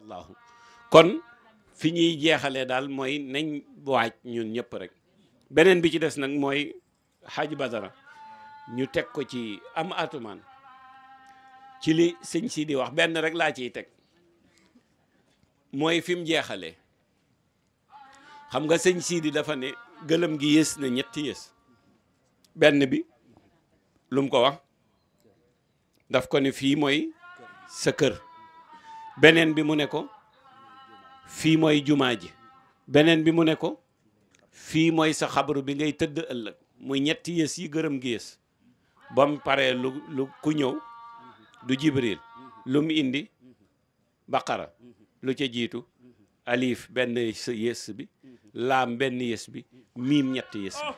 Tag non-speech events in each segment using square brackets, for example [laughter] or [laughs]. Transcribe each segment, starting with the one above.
allahu kon fi ñuy jeexalee daal mooy nañ waaj ñun ñëpp rek beneen bi ci des nag mooy xaaj badara ñu teg ko ci am atumaan ci li sëñ sii di wax benn rek laa ciy teg mooy fi jeexale xam nga sëñ sii di dafa ne gëlëm gi yées na ñetti yës benn bi lum ko wax daf ko ne fii mooy sa kër beneen bi mu ne ko fii mooy jumaa ji beneen bi mu ne ko fii mooy sa xabaru bi ngay tëdd ëllëg muy ñetti yées yi gërëm gi yées ba mu paree lu lu ku ñëw du jibril lu mu indi baqara lu ca jiitu alif benn yées bi laam benn yées bi miim ñetti yées bi oh,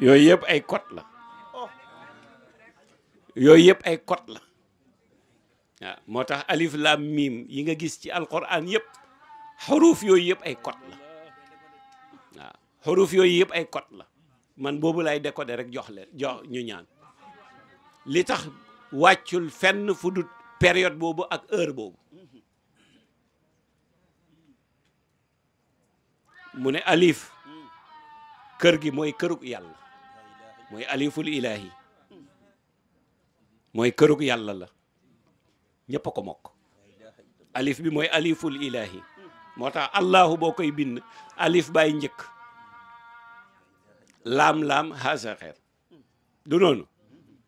yooyu yëpp ay code la yooyu yëpp ay code la waaw moo tax alif lam miim yi nga gis ci alquran yëpp xuruf yooyu yëpp ay code la waaw yooyu yëpp ay code la man boobu lay décoder rek jox leen jox ñu ñaan li tax wàccul fenn fu dut période boobu ak heure boobu mu ne alif kër gi mooy kërug yàlla mooy aliful ilaahi mooy kërug yàlla la ñépp ko mokk alif bi mooy aliful ilaahi moo tax allahu boo koy bind alif bàyyi njëkk laam-laam haasa xeer du noonu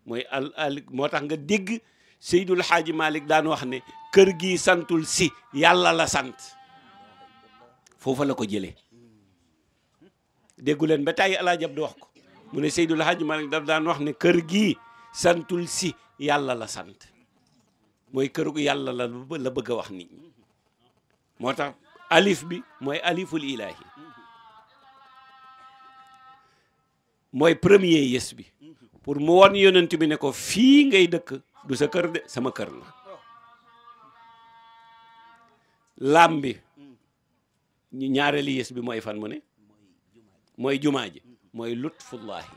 mooy al moo tax nga dégg Seydul Xaaji Malik daan wax ne kër gi santul si yàlla la sant foofu la ko jëlee déggu leen ba tàyyi Alaaji Abdu wax ko mu ne Seydul Hajj Malick daf daan wax ne kër gi santul si yàlla la sant mooy kër yàlla la la bëgg wax nit ñi moo tax alif bi mooy aliful ilaahi mooy premier yes bi pour mu won yonent bi ne ko fii ngay dëkk du sa kër de sama kër la laam bi ñaareeli yes bi mooy fan mu ne mooy jumaa ji mooy lutfullahi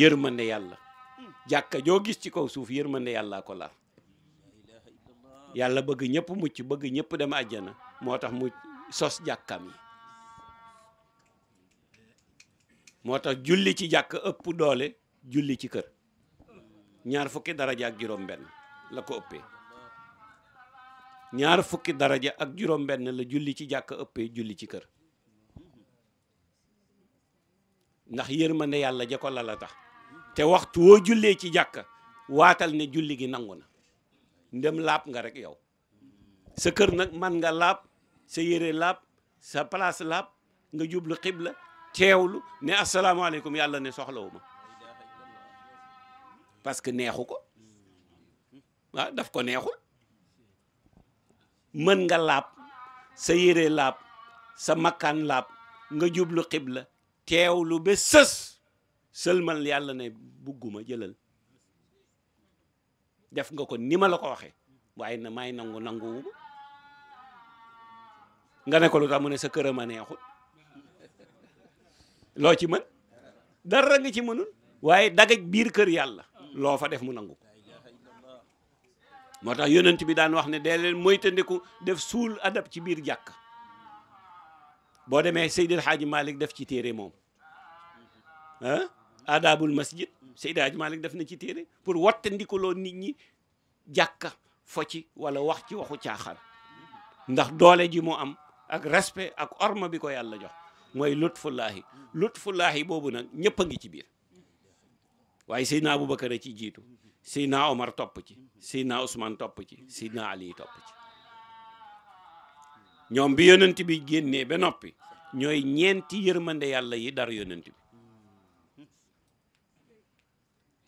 yërmande yàlla jàkka joo gis ci kaw suuf yërmande yàllaa ko lar yàlla bëgg ñëpp mucc bëgg ñëpp dem àjjana moo tax mu sos jàkkam yi moo tax julli ci jàkk ëpp doole julli ci kër ñaar fukki daraja ak juróom benn la ko ëppee ñaar fukki daraja ak juróom benn la julli ci jàkk ëppee julli ci kër ndax yërmande yàlla ja ko la la tax te waxtu wo jullee ci jàkka waatal ne julli gi nangu na ndem laab nga rek yow sa kër nag man nga laab sa yére laab sa place laab nga jublu xibla teewlu ne asalaamaaleykum yàlla ne soxla ma parce que neexu ko waaw ah, daf ko neexul mën nga laab sa yére laab sa makkaan laab nga jublu xibla teewlu ba sës sëlmal yàlla ne bugguma jëlal def nga ko ni ma la ko waxee waaye na may nangu nanguwuma nga ne ko lu tax mu ne sa këram a neexul loo ci mën dara nga ci mënul waaye dagaj biir kër yàlla loo fa def mu nangu ko moo tax yonent bi daan wax ne dee leen moytandiku def suul adab ci biir jàkk boo demee Seydil Hadji Malick def ci téere moom adaabul adabul masjid Seydil Hadji Malick def na ci téere pour wattandikuloo nit ñi jàkka fo ci wala wax ci waxu caaxaan ndax doole ji mu am ak respect ak orma bi ko yàlla jox mooy lutfullaahi lutfullaahi boobu nag ñëpp a ngi ci biir waaye Seydina Aboubacar a ci jiitu Seydina Omar topp ci Seydina Ousmane topp ci Seydina Ali topp ci ñoom bi yonent bi génnee ba noppi ñooy ñeenti yërmande yàlla yi dara yonent bi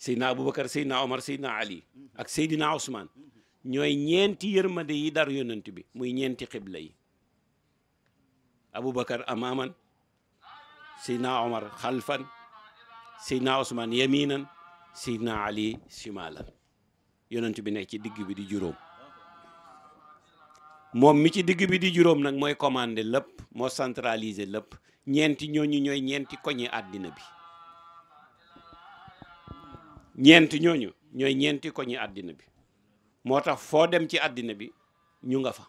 seydina aboubacar seydina omar seydina ali ak seydina ousmane ñooy ñeenti yërmande yi dar yonent bi muy ñeenti xibla yi aboubacar amaman seydina omar xalfan seydina ousmane yaminan seydina ali shimalan yonent bi nekk ci digg bi di juróom moom mi ci digg bi di juróom nag mooy commandé lépp moo centraliser lëpp ñeenti ñooñu ñooy ñeenti koñi àddina bi ñeenti ñooñu ñooy ñeenti koñi àddina bi moo tax foo dem ci àddina bi ñu nga fa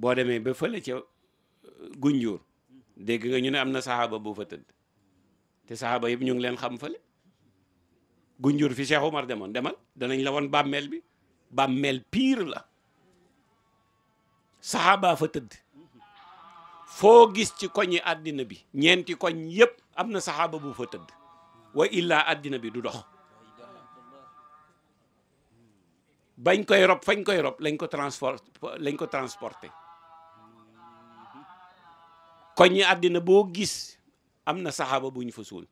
boo demee ba fële ca uh, gunjuur dégg nga ñu ne am na saxaaba bu fa tëdd te saxaaba yëpp ñu ngi leen xam fële gunjuur fi Cheikh Omar demoon demal danañ la woon bàmmeel bi bàmmeel piir la saxaaba fa tëdd foo gis ci koñi àddina bi ñeenti koñ yépp am na saxaaba bu fa tëdd wa illaa àddina bi du dox bañ koy rob fañ koy rob lañ ko transport ko transporté koñi àddina boo gis am na saxaaba bu ñu fa suul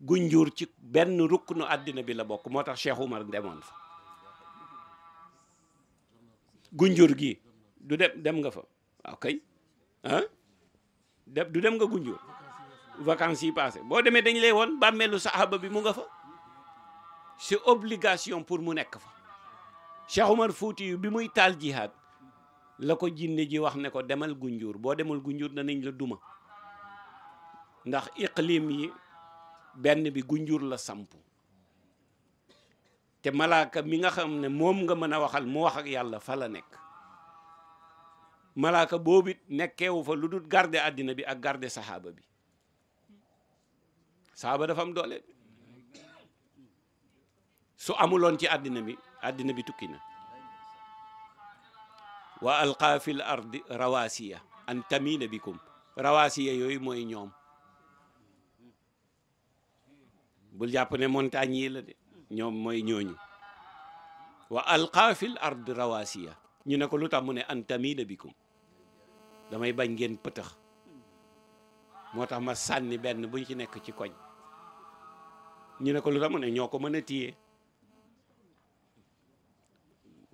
gunjuur ci benn rukk nu àddina bi la bokk moo tax Cheikh Oumar demoon fa gunjur gi du dem dem nga fa waaw ah, kay ah du dem nga gunjur vacances yi passé boo demee dañ lay woon bàmmeelu sa aba bi mu nga fa si obligation pour mu nekk fa Cheikh fuuti yu bi muy taal jihad la ko jinne ji wax ne ko demal gunjur boo demul gunjur danañ la duma ndax iqlim yi benn bi gunjur la sampu te malaaka mi nga xam ne moom nga mën a waxal mu wax ak yàlla fa la nekk malaaka boobit nekkewu fa lu dul garde àddina bi ak garde saxaaba bi saxaaba dafam doole su amuloon ci àddina bi àddina bi tukki na wa alqa fil ardi rawasiya an tamina bikum rawasiya yooyu mooy ñoom bul jàpp ne montagne yi la de ñoom mooy ñooñu wa alqa fil ard rawasiya ñu ne ko lu tax mu ne an tamida bikum damay bañ ngeen pëtëx moo tax ma sànni benn buñ ci nekk ci koñ ñu ne ko lu tax mu ne ñoo ko mën a téye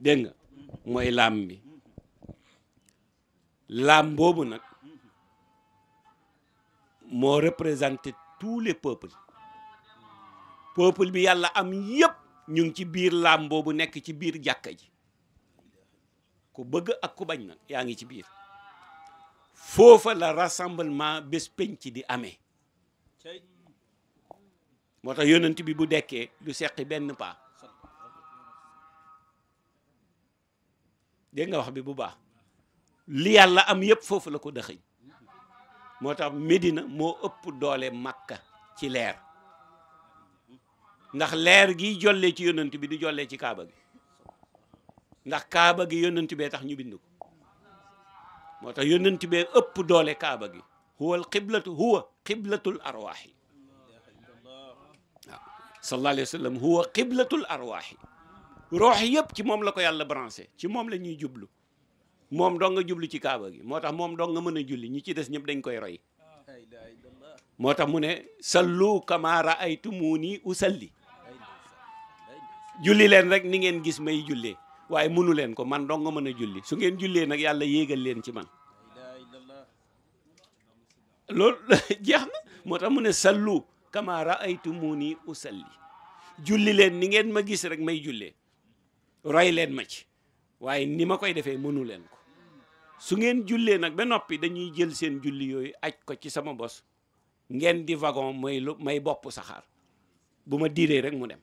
dégg nga mooy laam bi laam boobu nag moo représenté tous les peuples peuple bi yàlla am yépp ñu ngi ci biir laam bu nekk ci biir jàkka ji ku bëgg ak ku bañ nag yaa ngi ci biir foofa la rassemblement bés penc di amee moo tax yonent bi bu dekkee du seqi benn paa dégg nga wax bi bu baax li yàlla am yépp foofu la ko dëxëñ moo tax Medina moo ëpp doole Makka ci leer ndax leer gi jollee ci yonent bi di jollee ci kaaba gi ndax kaaba gi yonent bee tax ñu bind moo tax yonent bee ëpp doole kaaba gi huwal qiblatu huwa qiblatul arwaaxi waaw sallallahu alayhi wa sallam huwa qiblatul arwaaxi roox yëpp ci moom la ko yàlla branché ci moom la ñuy jublu moom donga jublu ci kaaba gi moo tax moom dong nga mën a julli ñi ci des ñëpp dañ koy roy moo tax mu ne sallu kama raaytumuni usalli julli leen rek ni ngeen gis may jullee waaye mënu leen ko man dongo nga mën a julli su ngeen jullee nag yàlla yéegal leen ci man loolu [laughs] jeex na moo tax mu ne sallu kama raaytumuni usalli julli leen ni ngeen ma gis rek may jullee roy leen ma ci waaye ni ma koy defee mënu leen ko su ngeen jullee nag ba noppi dañuy jël seen julli yooyu aj ko ci sama bos ngeen di wagon may may bopp saxaar bu ma diiree rek mu dem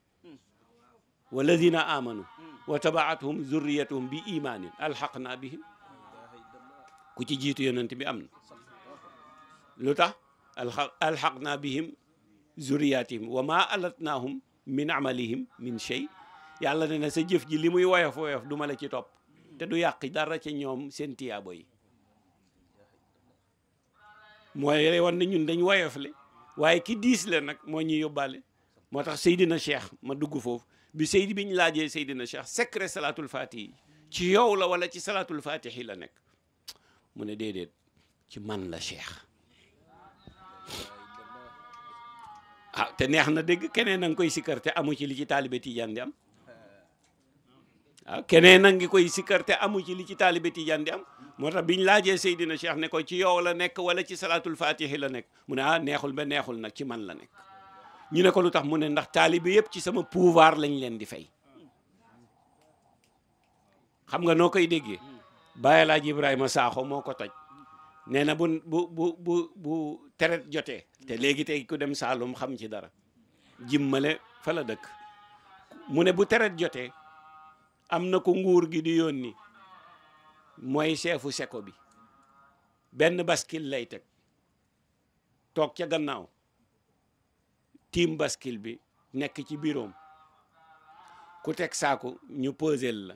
walladina amanu wa tabaatuhum zurriyatuhum bi imaanin alxaqna bihim ku ci jiitu yonent bi am lu tax alxaq alxaqna bihim zurriyatihim wa ma alatnahum min amalihim min yàlla ne na jëf ji li muy woyof woyof du ma la ci topp te du yàq dara ci ñoom seen tiyaabo yi mooy lay ñun dañ woyof le waaye ki diis le nag moo ñuy yóbbaale moo tax Seydina Cheikh ma dugg foofu bi Seydi bi ñu laajee na Cheikh secret salaatul fatihi ci yow la wala ci salaatul fatihi la nekk mu ne déedéet ci man la Cheikh ah te neex na dégg keneen a ngi koy sikkar te amu ci li ci taalibe Tijaan di am ah keneen a ngi koy sikkar amu ci li ci taalibe Tijaan di bi ñu laajee Seydina Cheikh ne ko ci yow la nekk wala ci salaatul fatihi la nekk mu ne ah neexul ba neexul nag ci man la nekk. ñu ne ko lu tax mu ne ndax taalibe yëpp ci sama pouvoir lañ leen di fay xam nga noo koy déggee Baay Alaaji Ibrahima Sakho moo ko toj nee na bu bu bu bu bu jotee te léegi tey ku dem Saalum xam ci dara jimmale fa la dëkk mu ne bu teret jotee am na ko nguur gi di yoon ni mooy seefu seko bi benn baskil lay teg toog ca gannaaw tiim baskil bi nekk ci biiroom ku teg saaku ñu posel la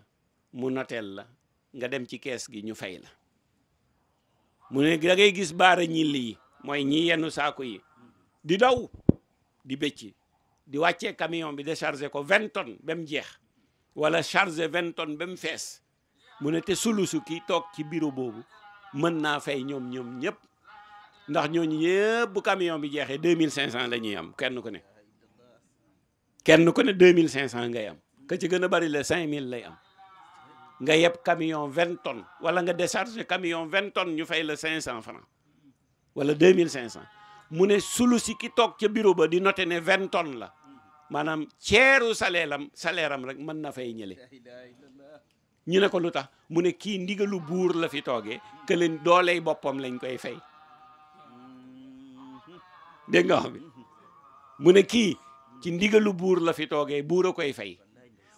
mu noteel la nga dem ci kees gi ñu fay la mu ne da ngay gis baara ñilli yi mooy ñi yennu saaku yi di daw di bëcci di wàccee camion bi de déchargé ko vingt tonnes jeex wala chargé vingt tonnes ba fees mu ne te sulusu ki toog ci bureau boobu mën naa fay ñoom ñoom ñëpp ndax ñooñu yëpp bu camion bi jeexee deux mille cinq cent la ñuy am kenn ku ne kenn ku ne deux mille cinq cent ngay am ka ci gën a bari la cinq mille lay am nga yeb camion vingt tonnes wala nga décharger camion vingt tonnes ñu fay la cinq cent francs wala deux mille cinq cent mu ne sulu si ki toog ca bureau ba di note ne vingt tonnes la maanaam ceeru salaire am rek mën na fay ñële ñu ne ko lu tax mu ne kii ndigalu buur la fi toogee que doole dooley boppam lañ koy fay dégg nga mu ne kii ci ndigalu buur la fi toogee buur a koy fay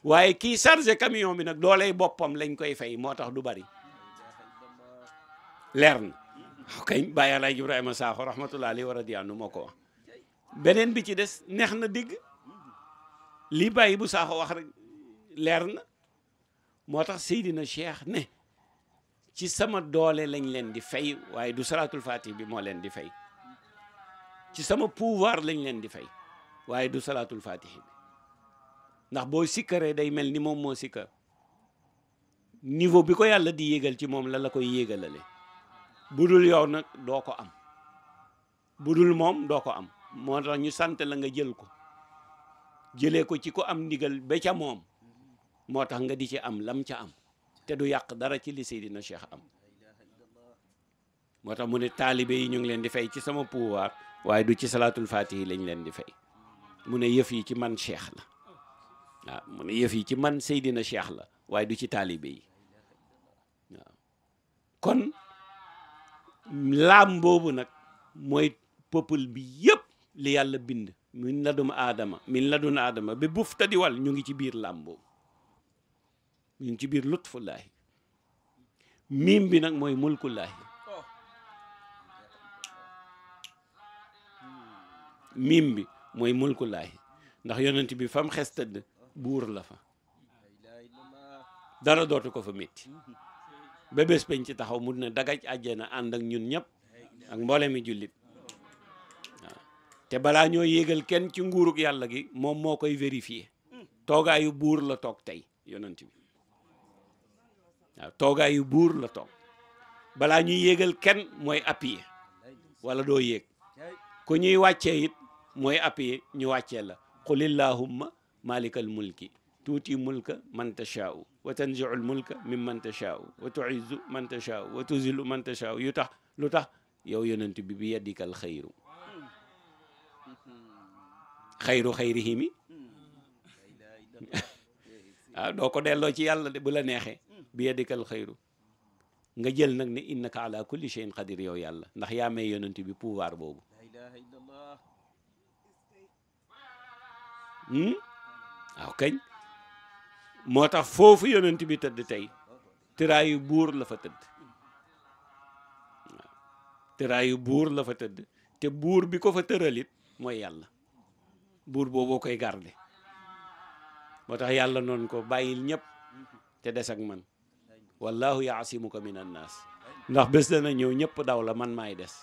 waaye kii chargé camion bi nag dooley boppam lañ koy fay moo tax du bari leer na kay bàyyi alaaj Ibrahima Sakho rahmatullah alayhi wa radiyallahu moo ko wax beneen bi ci des neex na digg li bàyyi bu Sakho wax leer na moo tax Seydina Cheikh ne ci sama doole lañ leen di fay waaye du salaatul fatih bi moo leen di fay ci sama pouvoir lañ leen di fay waaye du salaatul fatihi ndax boo sikkaree day mel ni moom moo sikkar niveau bi ko yàlla di yéegal ci moom la la koy yéegalale bu dul yow nag doo ko am budul moom doo ko am moo tax ñu sant la nga jël ko jëlee ko ci ko am ndigal ba ca moom moo tax nga di ci am lam ca am te du yàq dara ci li Seydina Cheikh am moo tax mu ne taalibe yi ñu ngi leen di fay ci sama pouvoir waaye du ci salaatul faatihi lañ leen di fay mu ne yëf yi ci man cheikh la waaw mu ne yëf yi ci man seydina cheikh la waaye du ci taalibe yi kon laam boobu nag mooy peuple bi yépp li yàlla bind min ladum aadama min ladun aadama bi buuf tadiwal ñu ngi ci biir laam boobu ñu ngi ci biir lutfullaahi miim bi nag mooy mulkullaahi miim bi mooy mulkulaahi ndax yonent bi fam xes tëdd buur la fa dara dootu ko fa metti ba bés bañ ci taxaw mu mun na dagaj àjjana ànd ak ñun ñëpp ak mboolemi mi jullit te balaa ñoo yéegal kenn ci nguurug yàlla gi moom moo koy vérifier toogaayu buur la toog tey yonent bi waaw toogaayu buur la toog balaa ñuy yéegal kenn mooy appuyer wala doo yéeg ku ñuy wàccee it mooy appuyer ñu wàccee la qul illahumma malikal mulki tuuti mulka man tashaau wa tanziul mulka min man tashaau wa tuizzu man tashaau wa tuzilu man tashaau yu tax lu tax yow yonent bi bi yadikal xayru xayru xayrihimi waaw hmm. [laughs] ah, doo ko delloo ci yàlla de bu la neexee hmm. bi yadikal xayru nga jël nag ne innaka ala kulli shay'in qadir yow yàlla ndax yaa may yonent bi pouvoir boobu Hmm? waaw kañ moo tax foofu yonent bi tëdd tey tiraayu buur la fa tëdd waaw tiraayu buur la fa tëdd te buur bi ko fa tëralit mooy yàlla buur booboo koy garde moo tax yàlla noon ko bàyyil ñëpp te des ak man wallahu yaasimuka min annaas ndax bés dana ñëw ñëpp daw la man maay des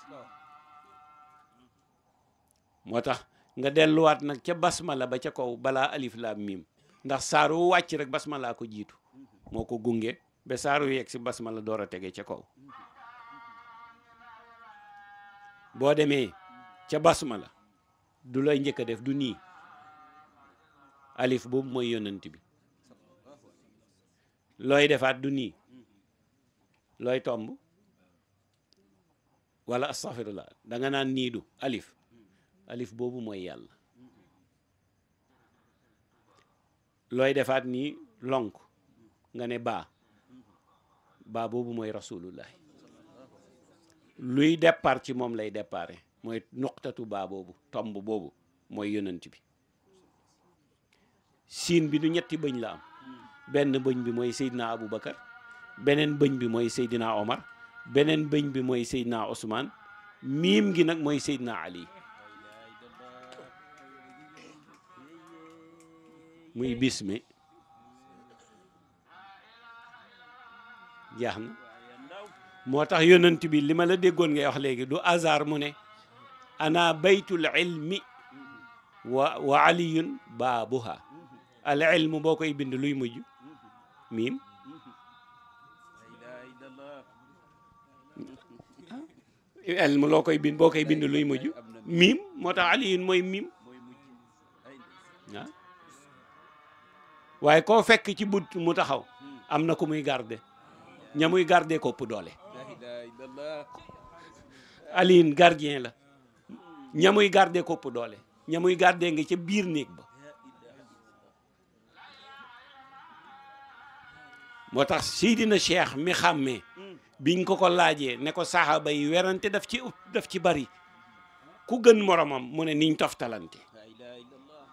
moo tax nga delluwaat nag ca la ba ca kaw balaa alif laam miim ndax saaru wàcc rek laa ko jiitu moo ko gunge ba saaru yegg si la door a tege ca kaw boo demee ca basmala du lay njëkk a def du nii alif boobu mooy yonent bi looy defaat du nii looy tomb wala astaghfirullah da nga naan nii du alif alif boobu mooy yàlla looy defaat nii lonk nga ne baa baa boobu mooy rasulullahi luy départ ci moom lay dépare mooy nuqtatu baa boobu tomb boobu mooy yonent bi siin bi du ñetti bëñ la am benn bëñ bi mooy Seydina Aboubacar beneen bëñ bi mooy Seydina Omar beneen bëñ bi mooy Seydina Ousmane miim gi nag mooy Seydina Ali muy bismi mi jeex na moo tax yonent bi li ma la déggoon ngay wax léegi du hasard mu ne ana baytul ilmi wa aliyun baabuha al ilmu boo koy bind luy mujj miim ah. ilmu loo koy bind boo koy luy mujj miim moo tax aliyun mooy miim waaw ah. waaye koo fekk ci but mu taxaw am na ku muy garde ñamuy muy garde ko doole aliyun gardien la ña muy garde doole ña muy garde nga ca biir néeg ba moo tax Seydina Cheikh mi xàmmee hmm. biñ ko ko laajee ne ko saxaaba yi werante daf ci daf ci bari ku gën moromam mu ne niñ toftalante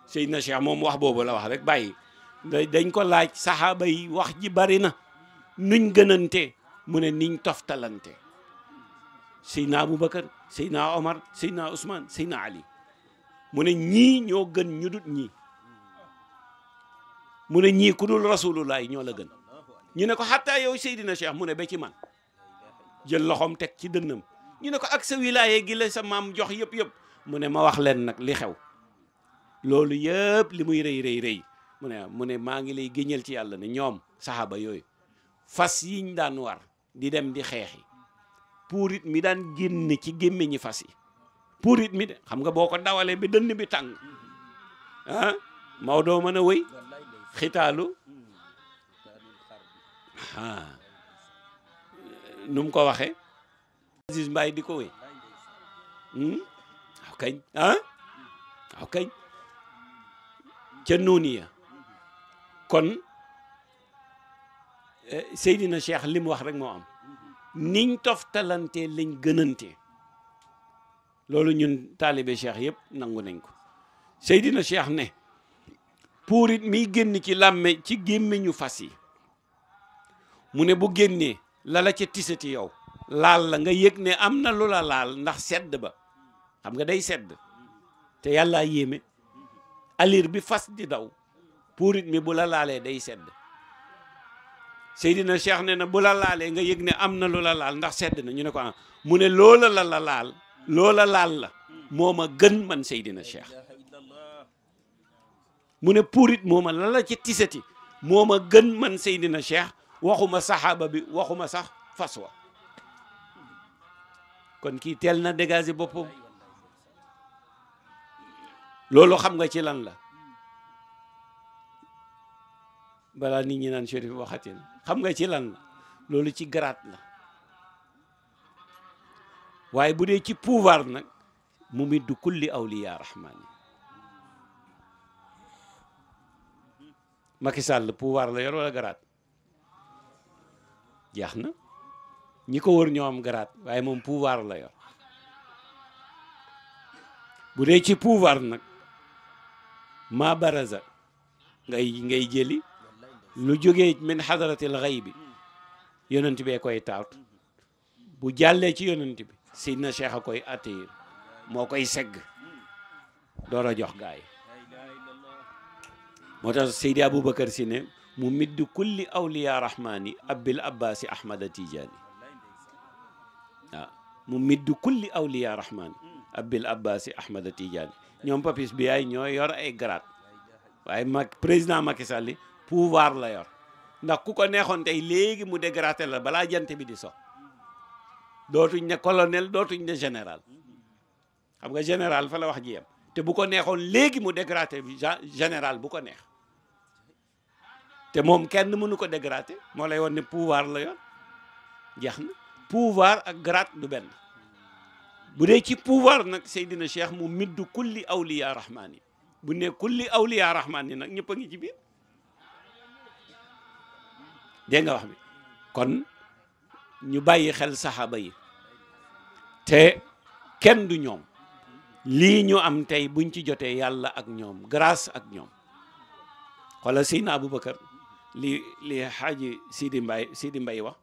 Seydina Cheikh moom wax boobu la wax rek bàyyi dañ ko laaj saxaaba yi wax ji bari na nuñ gënante mu ne niñ toftalante Seydina Aboubacar Seydina Omar Seydina Ousmane Seydina Ali mu ne ñii ñoo gën ñu dut ñii mu ne ñii ku dul rasulullah ñoo la gën ñu ne ko xataa yow Seydina Cheikh mu ne ba ci man jël loxoom teg ci dënnam ñu ne ko ak sa wilaaye gi la sa maam jox yëpp yëpp mu ne ma wax leen nag li xew loolu yëpp li muy rëy rëy rëy mu ne mu ne maa ngi lay géñal ci yàlla ne ñoom saxaaba yooyu fas yiñ daan war di dem di xeexi puurit mi daan génn ci gémmiñi fas yi puurit mi de xam nga boo ko dawalee bi dënn bi tàng ah Maodo mën a wëy xitaalu ah. num ko waxee Aziz Mbaye di ko wéy waaw hmm? kañ ah waaw kañ ca noonu ya kon eh, Seydina Cheikh li wax rek moo am niñ toftalante lañ gënante loolu ñun taalibe Cheikh yëpp nangu nañ ko Seydina Cheikh ne puurit miy génn ci làmme ci gémmiñu fas yi mu ne bu génnee lala ca tisati yow laal la nga yëg ne am na lu la laal ndax sedd ba xam nga day sedd te yàllaa yéeme alir bi fas di daw puurit mi bu la laalee day sedd na Cheikh ne na bu laalee nga yëg ne am na lu la laal ndax sedd na ñu ne ko ah mu ne loola la la laal loola laal la moo ma gën man Seydina Cheikh mu ne puurit mooma la la ci tisati moo ma gën man Seydina Cheikh waxuma saxaaba bi waxuma sax fas wa kon kii teel na dégager bopp loolu xam nga ci lan la balaa ni ñi naan Chérif waxati na xam nga ci lan la loolu ci garaat la waaye bu dee ci pouvoir nag mu middu kulli awliya rahmaani Macky Sall pouvoir la yor wala garaat jeex na ñi ko wër ñoo am garaat waaye moom pouvoir la yor bu dee ci pouvoir nag ma baraza ngay ngay jëli lu jógee min xadaratil xay bi yonent bee koy taat bu jàllee ci yonent bi Seydina Cheikh a koy attéyir moo koy segg door a jox gaay moo tax Seydi Aboubacar si ne mu midd kulli awliya rahmani abil abbasi ahmada tijaani mu middu kulli awliya rahman abil abbasi ahmada tidiane ñoom papis bi yaay ñoo yor ay grade waaye ma président Macky Sall li pouvoir la yor ndax ku ko neexoon tey léegi mu dégraté la balaa jant bi di so dootuñ ne colonel dootuñ ne général xam nga général fa la wax ji yem te bu ko neexoon léegi mu dégraté bi général bu ko neex te moom kenn mënu ko dégraté moo lay woon ne pouvoir la yor jeex na pouvoir ak grade du benn bu dee ci pouvoir nag Seydina Cheikh mu middu kulli awliya rahmaani bu ne kulli awliya rahmaani nag ñëpp a ngi ci biir dégg nga wax bi kon ñu bàyyi xel saxaaba yi te kenn du ñoom li ñu am tey buñ ci jotee yàlla ak ñoom grâce ak ñoom xoolal Seydina Aboubacar li li xaaji Sidi Mbaye Sidi Mbaye wax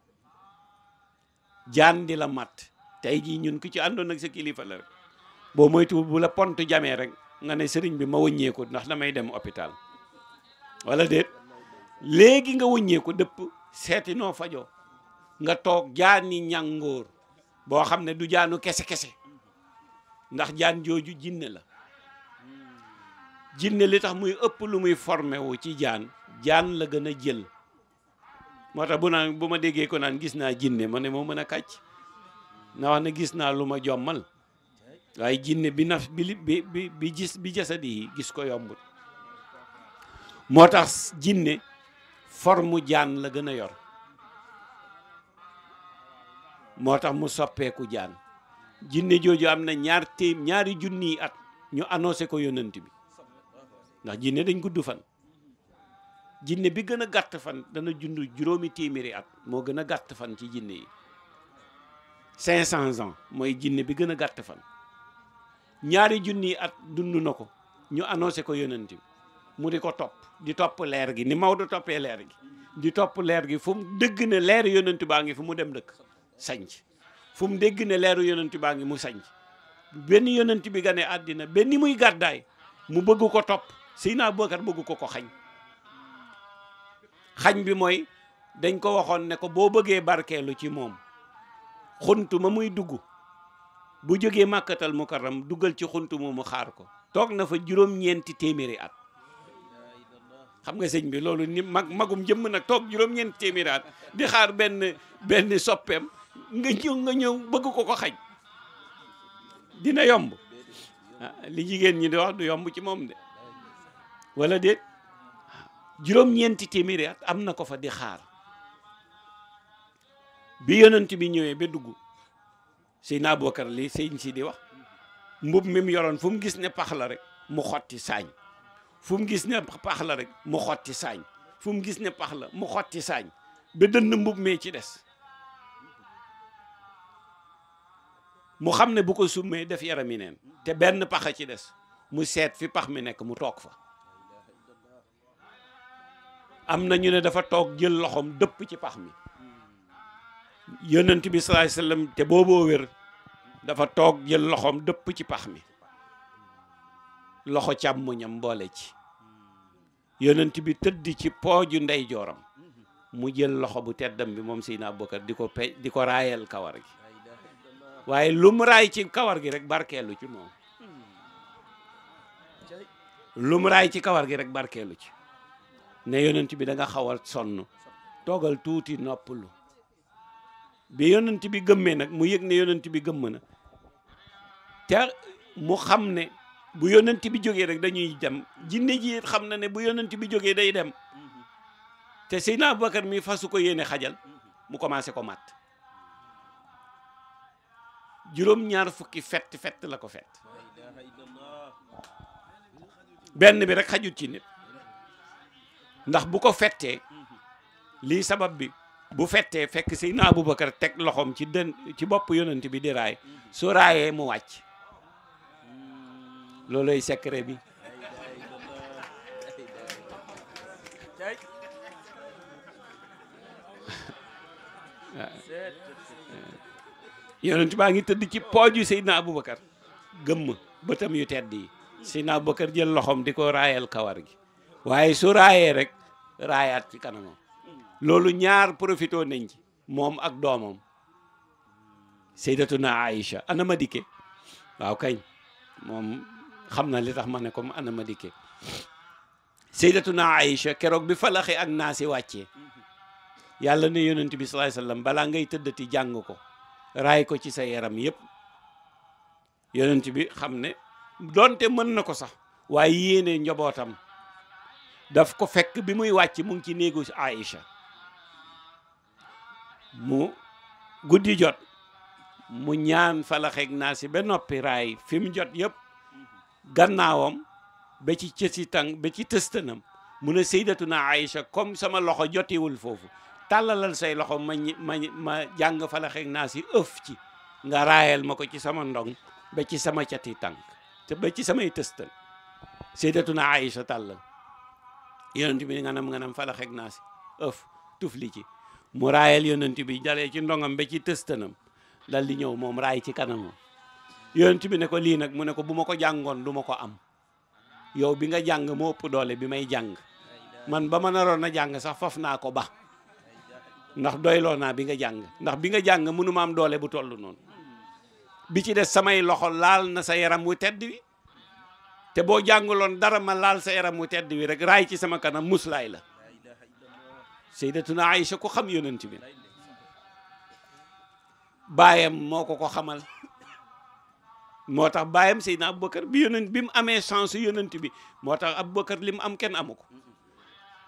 jaan di la matt tey jii ñun ku ci àndoon ak sa kilifa la rek boo moytu bu la pont jamee rek nga ne sëriñ bi ma wëññeeku ndax damay dem hôpital wala déet léegi nga wëññeeku dëpp seeti noo fajo nga toog jaani ñàngoor boo xam ne du jaanu kese-kese ndax jaan jooju jinne la jinne li tax muy ëpp lu muy formewu wu ci jaan jaan la gën a jël moo tax bu naan bu ma déggee ko naan gis naa jinne ma ne moo mën a kàcc na wax ne gis naa lu ma jommal waaye jinne bi naf bi bi gis bi jasadi yi gis ko yombut moo tax jinne forme jaan la gën a yor moo tax mu soppeeku jaan jinne jooju am na ñaar téem ñaari yi at ñu annoncé ko yonent bi ndax jinne dañ gudd fan jinne bi gën a gàtt fan dana jund juróomi téeméeri at moo gën a gàtt fan ci jinne yi cinq cents ans mooy jinne bi gën a gàtt fan ñaari junni at dund na ko ñu annoncé ko yonent mu di ko topp di topp leer gi ni Maodo toppee leer gi di topp leer gi fu mu dëgg ne leeru yonent baa ngi fu mu dem dëkk sanc fu dëgg dégg ne leeru yonent baa ngi mu sanc benn yonent bi gane àddina benn muy gàddaay mu bëgg ko topp si naa Abubakar bëgg ko ko xañ xañ bi mooy dañ ko waxoon ne ko boo bëggee barkeelu ci moom xuntu ma muy dugg bu jógee màkkatal mukaram duggal ci xuntu mu xaar ko toog na fa juróom-ñeenti téeméeri at xam nga sëñ bi loolu ni mag magum jëmm nag toog juróom-ñeenti téeméeri at di xaar benn benn soppeem nga ñëw nga ñëw bëgg ko ko xañ dina yomb ah, li jigéen ñi di wax du yomb ci moom de wala déet juróom-ñeenti téeméeri am na ko fa di xaar bi yonent bi ñëwee ba dugg naa Abubakar li sëñ si di wax mbub mi mu yoroon fu mu gis ne pax la rek mu xotti saañ fu gis ne pax la rek mu xotti saañ fu mu gis ne pax la mu xotti saañ ba mbub mee ci des mu xam ne bu ko summee def yaram yi neen te benn pax a ci des mu seet fi pax mi nekk mu toog fa am na ñu ne dafa toog jël loxoom dëpp ci pax mi yonent bi salaay sallam te booboo wér dafa toog jël loxoom dëpp ci pax mi loxo càmmuñam boole ci yonent bi tëdd ci pooju ndeyjooram mu jël loxo bu teddam bi moom Seydina Abubakar di ko di ko raayal kawar gi waaye lu mu raay ci kawar gi rek barkeelu ci moom lu mu raay ci kawar gi rek barkeelu ci ne yonent bi danga xawal xaw a sonn toogal tuuti noppalu bi yonent bi gëmmee nag mu yëg ne yonent bi gëmm na te mu xam ne bu yonent bi jógee rek dañuy dem jinne ji xam na ne bu yonent bi jógee day dem te Seydina Aboubacar mi fasu ko yéene xajal mu commencé ko mat juróom ñaar fukki fett fett la ko fett benn bi rek xajut ci nit ndax bu ko fettee lii sabab bi bu fettee fekk si Seydina Aboubacar teg loxoom ci dën ci bopp yonent bi di raay su raayee mu wàcc looloy secret bi [laughs] yonent baa ngi tëdd ci pooju Seydina Aboubacar gëmm bëtam yu tedd yi Seydina Aboubacar jël loxoom di ko raayal kawar gi waaye su raayee rek raayaat ci kanamam loolu ñaar profité nañ moom ak doomam sayyidatuna Aïcha ana ma dikke waaw kañ moom xam na li tax ma ne comme ana ma dikke na Aïcha keroog bi falaxi ak naa si wàccee yàlla ne yonent bi sallallahu alayhi wasallam balaa ngay tëddati jàng ko raay ko ci sa yaram yëpp yonent bi xam ne doonte mën na ko sax waaye yéene njobootam daf ko fekk bi muy wàcc mu ngi ci néegu Aïcha mu guddi jot mu ñaan falaxeeg naa si ba noppi raay fi jot yëpp gannaawam ba ci cësi tàng ba ci tëstanam mu ne Seydatuna Aïcha comme sama loxo jotiwul foofu tàllalal say loxo ma jàng falaxeeg naa si ëf ci nga raayal ma ko ci sama ndong ba ci sama cati tànk te ci samay tëstan Seydatuna Aïcha tàllal yonent bi nganam nganam falax ak naasi ëf tuf li ci mu raayal yonent bi dalee ci ndongam ba ci tëstanam dal di ñëw moom raay ci kanamam yonent bi ne ko lii nag mu ne ko bu ma ko jàngoon du ma ko am yow bi nga jàng moo ëpp doole bi may jàng man ba ma naroon a jàng sax faf naa ko ba ndax doyloo naa bi nga jàng ndax bi nga jàng mënu ma am doole bu toll noonu bi ci des samay loxo laal na sa yaram wu tedd bi te boo jànguloon dara ma laal sa yaram wu tedd wi rek raay ci sama kanam muslaay la sayyidatuna Aïcha ko xam yonent bi baayam moo ko ko xamal moo tax baayam Seydina Aboubacar bi yonent bi mu amee chance yonent bi moo tax Aboubacar li mu am kenn amu ko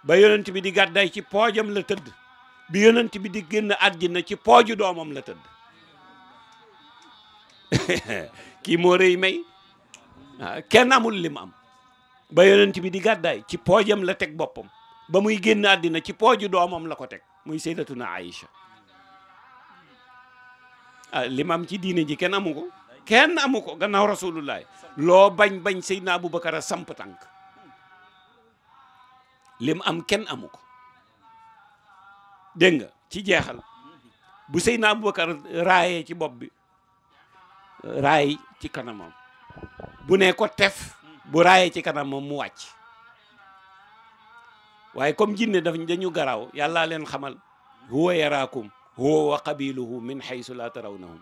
ba yonent bi di gàddaay ci poojam la tëdd bi yonent bi di génn àddina ci pooju doomam la tëdd [laughs] kii moo rëy may Ah, kenn amul lim am ba yonent bi di gàddaay ci poojam la teg boppam ba muy génn àddina ci pooju doomam la ko teg muy saydatuna Aïcha ah, lim am ci diine ji kenn amu ko kenn amu ko gannaaw rasulullahi loo bañ bañ seydna abubakar a samp tànk lim am kenn amu ko dégg nga ci jeexal bu seydna abubakar raayee ci bopp bi raay ci kanamam bu ne ko tef bu raayee ci kanam moom mu wàcc waaye comme jinne daf dañu garaaw yàllaa leen xamal huwa yaraakum huwa wa qabiluhu min haysu la tarawnahum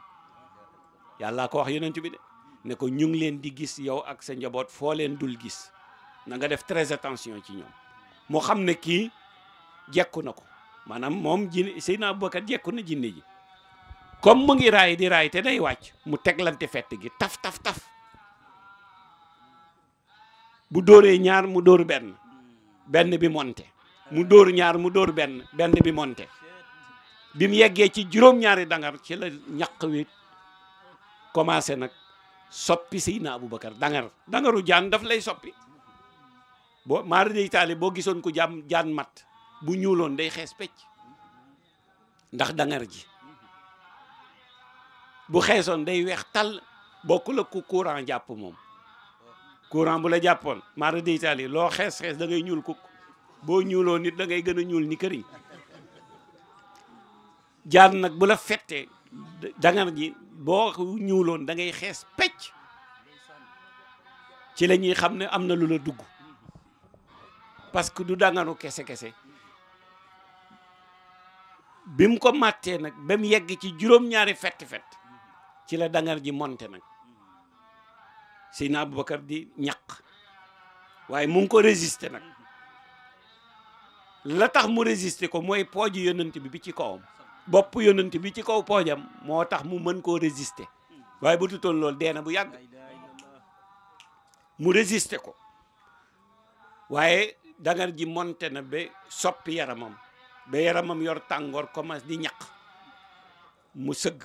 yàllaa ko wax yonent bi de ne ko ñu ngi leen di gis yow ak sa njaboot foo leen dul gis na nga def très attention ci ñoom moo xam ne kii jekku na ko maanaam moom jinne Seydina Abubakar jekku na jinne ji comme mu ngi raay di raay te day wàcc mu teglante fett gi taf taf taf bu dóoree ñaar mu dóor benn benn bi monte mu dóor ñaar mu dóor benn benn bi monte bi mu yeggee ci juróom-ñaari dangar ci la ñaq wi commencé nag soppi Seydina Aboubacar dangar dangaru jaan daf lay soppi boo maari day taali boo gisoon ko jàmm jaan mat bu ñuuloon day xees pecc ndax dangar ji bu xeesoon day weex tàll bokkul ak ku courant jàpp moom courant bu la jàppoon mara de Italie loo xees xees da ñuul kuk boo ñuuloo nit dangay gën a ñuul ni këriñ jaan nag bu la fettee dangar ji boo ñuuloon da ngay xees pecc ci la ñuy xam ne am na lu la dugg parce que du dangaru kese-kese bi mu ko màttee nag ba mu yegg ci juróom-ñaari fett-fett ci la dangar ji monte nag Seydina Aboubacar di ñaq waaye mu ko résisté nag la tax mu résisté ko mooy pooj yonent bi bi ci kawam bopp yonent bi ci kaw poojam moo tax mu mën koo résisté waaye bu tutoon lool dee na bu yàgg mu résisté ko waaye dangar ji monte na ba soppi yaramam ba yaramam yor tàngoor commence di ñaq mu sëgg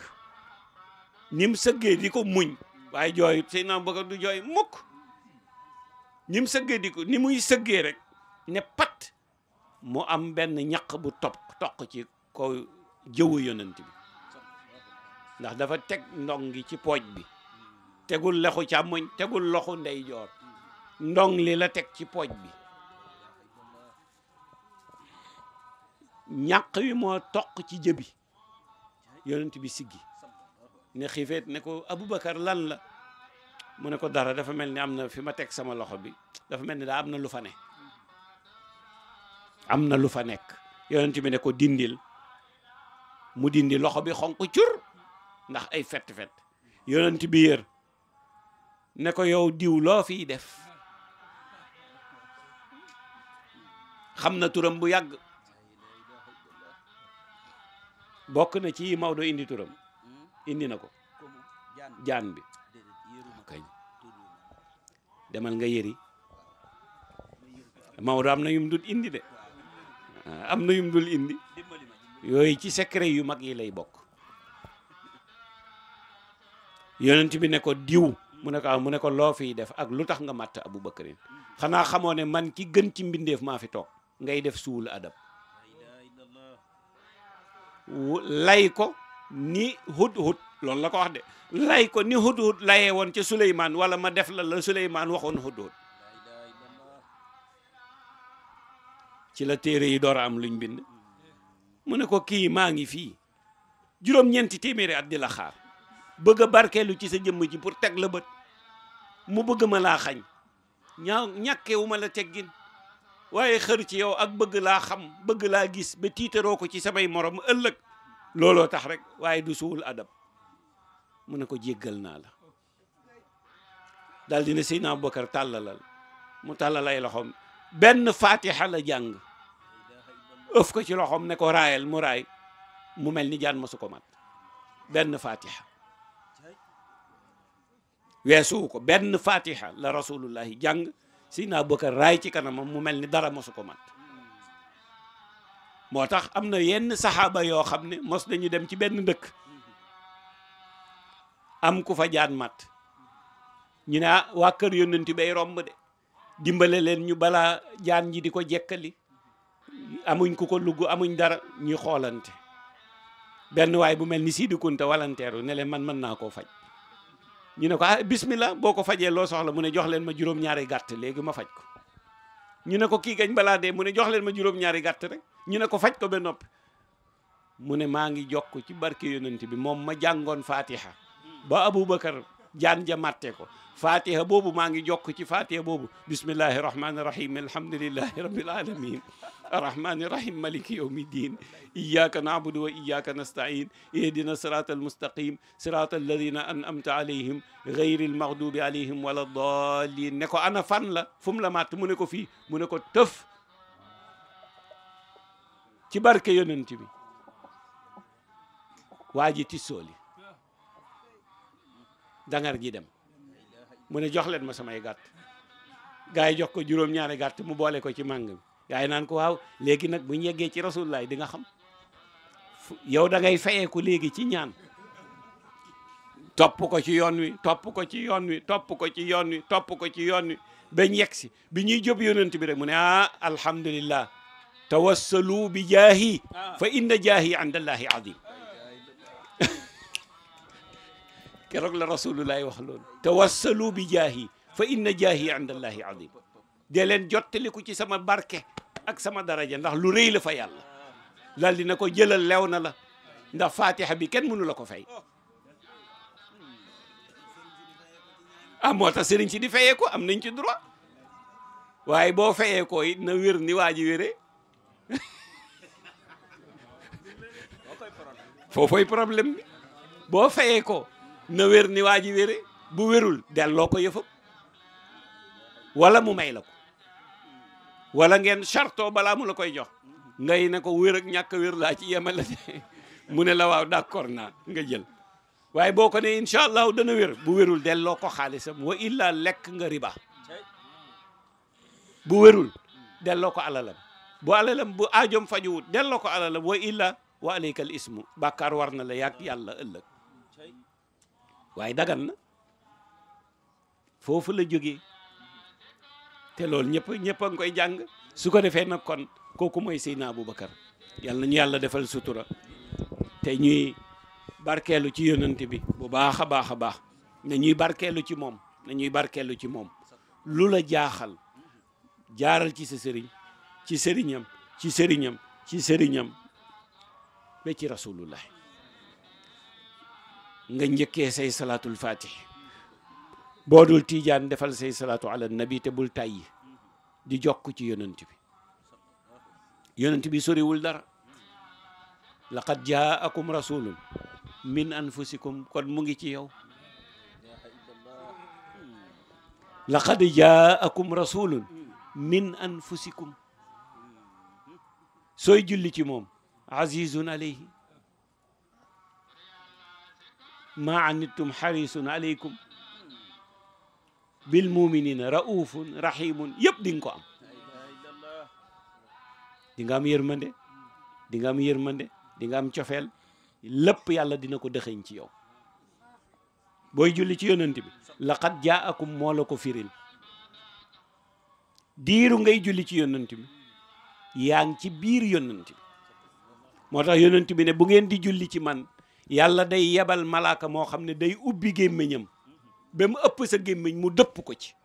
ni sëggee di ko muñ waaye jooyut Seydina Abubakar du jooy mukk nim mu sëggee di ni muy sëggee rek ne pat mu am benn ñaq bu topp toq ci ko jëwu yonent bi ndax dafa teg ndong gi ci pooj bi tegul lexu càmmoñ tegul loxu ndeyjoor ndong li la teg ci pooj bi ñàq wi moo toq ci jëbi yonent bi siggi ne xifeet ne ko Aboubacar lan la mu ne ko dara dafa mel ni am na fi ma teg sama loxo bi dafa mel ni daa am na lu fa ne am na lu fa nekk yonent bi ne ko dindil mu dindi loxo bi xonq cur ndax ay fett fett yonent bi yër ne ko yow diw loo fiy def xam na turam bu yàgg bokk na ci Maodo indi turam indi na ko jaan bi kañ demal nga yëri Maodo am na yum dul indi de am na yum dul indi yooyu ci secret yu mag yi lay bokk yonent bi ne ko diw mu ne ko ah mu ne loo fiy def ak lu tax nga matt Abu Bakarin xanaa xamoo ne man ki gën ci mbindeef maa fi toog ngay def suul adab lay ko ni hudhud loolu la ko wax de lay ko ni hudhud layee woon ca Suleymaan wala ma def la la Suleymaan waxoon hudhud ci la téere yi door a am luñ bind mu ne ko kii maa ngi fii juróom-ñeenti téeméeri at di la xaar bëgg barkeelu ci sa jëmm ji pour teg la bët mu bëgg ma laa xañ ñaaw ñàkkewu ma la teggin waaye xër ci yow ak bëgg laa xam bëgg laa gis ba tiitaroo ko ci samay morom ëllëg looloo tax rek waaye du suwul adab mu ne ko jéggal naa la daal dina Seydina Abubakar tàllalal mu tàllal ay loxoom benn fatiha la jàng ëf ko ci loxoom ne ko raayal mu raay mu mel ni jaan masu ko mat benn fatiha weesuwu ko benn fatiha la rasulullahi jàng Seydina Abubakar raay ci kanamam mu mel ni dara masu ko mat moo tax am na yenn saxaaba yoo xam ne mos nañu dem ci benn dëkk am ku fa jaan mat ñu ne ah, waa kër yónnanti bay romb de dimbale leen ñu balaa jaan ji di ko jekkali amuñ ku ko lugg amuñ dara ñuy xoolante benn waay bu mel ni Sidi Kunta walanteeru ne leen man mën naa koo faj ñu ne ko ah bismillah boo ko fajee loo soxla mu ne jox leen ma juróom-ñaari gàtt léegi ma faj ko ñu kii gañ balaa dee mu ne jox leen ma juróom gàtt rek ñu ne ko faj ko ba noppi mu ne maa ngi jokk ci barke yonent bi moom ma jàngoon fatiha ba aboubacar jaan ja matte ko fatiha boobu maa ngi jokk ci fatiha boobu bismillahi rahmani rahim alhamdulillahi rabbil alamin arrahmani rahim maliki yawmi din iyaka naabudu wa iyaka nastain ihdina sirata almustaqim sirata alladina an'amta alayhim gayri almaghdubi alayhim wala dalin ne ko ana fan la fu mu la matt mu ne ko fii mu ne ko tëf ci barke yonent bi waa ji ti tissooli dangar ji dem mu ne jox leen ma samay gàtt gaa yi jox ko juróom-ñaari gàtt mu boole ko ci màng bi gaa yi naan ko waaw léegi nag bu ñu ci rasulullah di nga xam yow dangay ngay fayeeku léegi ci ñaan topp ko ci yoon wi topp ko ci yoon wi topp ko ci yoon wi topp ko ci yoon wi bañ yegg si bi ñuy jóg yonent bi rek mu ne ah alhamdulillah tawassalu bi jaahi fa inna jaahi indallahi azim keroog la rasulullahi wax loolu tawassalu bi jaahi fa inna jaahi indallahi azim dee leen jottaliku ci sama barke ak sama daraja ndax lu rëy la fa yàlla daal dina ko jëlal lew na la ndax fatiha bi kenn mënu la ko fay ah moo tax sëriñ di fayee ko am nañ ci droit waaye boo fayee ko it na wér ni waa ji [laughs] foofooy problème boo fayee ko na wér ni waa ji wére bu wérul delloo ko yëfam wala mu may la ko wala ngeen charto balaa mu la koy jox ngay ne ko wér ak ñàkk wér laa ci yemale [laughs] mu ne la waaw d'accord naa nga jël waaye boo ko ne incha allahu dana wér bu wérul delloo ko xaalisam wa illa lekk nga riba bu wérul delloo ko alalam bu alalam bu aajoom fajuwut delloo ko alalam wa illa wa alayka ismu bakkaar war na la yàgg yàlla ëllëg waaye dagan na foofu la jóge te loolu ñëpp ñëpp a ngi koy jàng su ko defee nag kon kooku mooy Seydina Aboubacar yàlla na ñu yàlla defal sutura te ñuy barkeelu ci yonent bi bu baax a baax a baax na ñuy barkeelu ci moom na ñuy barkeelu ci moom lu la jaaxal jaaral ci sa sëriñ ci sëriñam ci sëriñam ci sëriñam ba ci rasulullah nga njëkkee say salaatul fatih boo dul tiijaan defal say salaatu ala nabi te bul tàyyi di jokk ci yonent bi bi soriwul dara laqad jaakum rasulun min anfusikum kon mu ngi ci yow laqad jaakum rasulun min anfusikum sooy julli ci moom azizun alayhi ma anittum xarisun aleykum bil muminina raufun rahimun yëpp di nga ko am dinga am yërmande di nga am yërmande di nga am cofeel lépp yàlla dina ko dëxëñ ci yow booy julli ci yonent bi laqad jaakum moo la ko firil diiru ngay julli ci yonent bi yaa ngi ci biir yonent bi moo tax yonent bi ne bu ngeen di julli ci man yàlla day yebal malaaka moo xam ne day ubbi gémmiñam ba ëpp sa gémmiñ mu dëpp ko ci